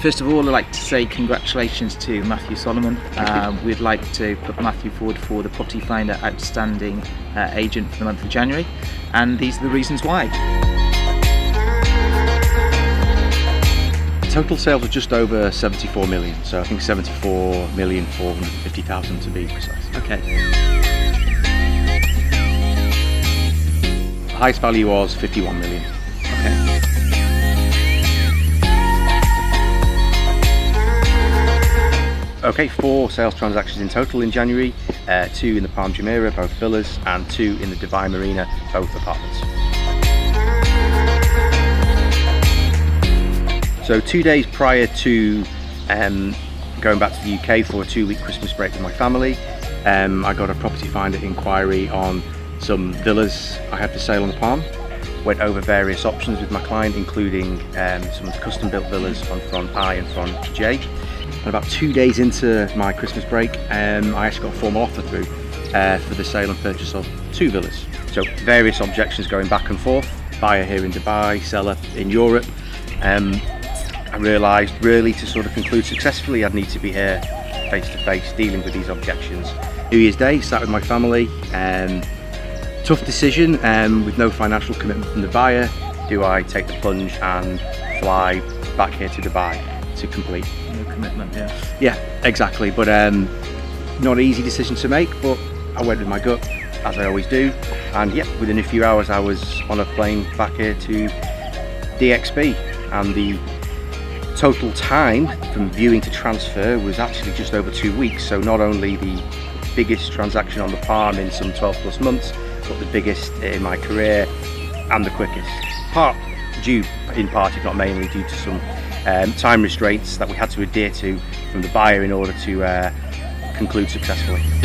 But first of all, I'd like to say congratulations to Matthew Solomon. Uh, we'd like to put Matthew forward for the Property Finder Outstanding uh, Agent for the month of January, and these are the reasons why. Total sales were just over 74 million, so I think 74 million 450,000 to be precise. Okay. highest value was 51 million. Okay, four sales transactions in total in January, uh, two in the Palm Jumeirah, both villas, and two in the Dubai Marina, both apartments. So two days prior to um, going back to the UK for a two-week Christmas break with my family, um, I got a property finder inquiry on some villas I had for sale on the Palm went over various options with my client, including um, some custom built villas on front I and front J. And about two days into my Christmas break, um, I actually got a formal offer through uh, for the sale and purchase of two villas. So various objections going back and forth, buyer here in Dubai, seller in Europe. Um, I realised really to sort of conclude successfully I'd need to be here face to face dealing with these objections. New Year's Day, sat with my family, um, tough decision um, with no financial commitment from the buyer. Do I take the plunge and fly back here to Dubai to complete? No commitment, yeah. Yeah, exactly. But um, not an easy decision to make, but I went with my gut, as I always do. And yeah, within a few hours, I was on a plane back here to DXB. And the total time from viewing to transfer was actually just over two weeks. So not only the biggest transaction on the farm in some 12 plus months, took the biggest uh, in my career and the quickest. Part due in part, if not mainly, due to some um, time restraints that we had to adhere to from the buyer in order to uh, conclude successfully.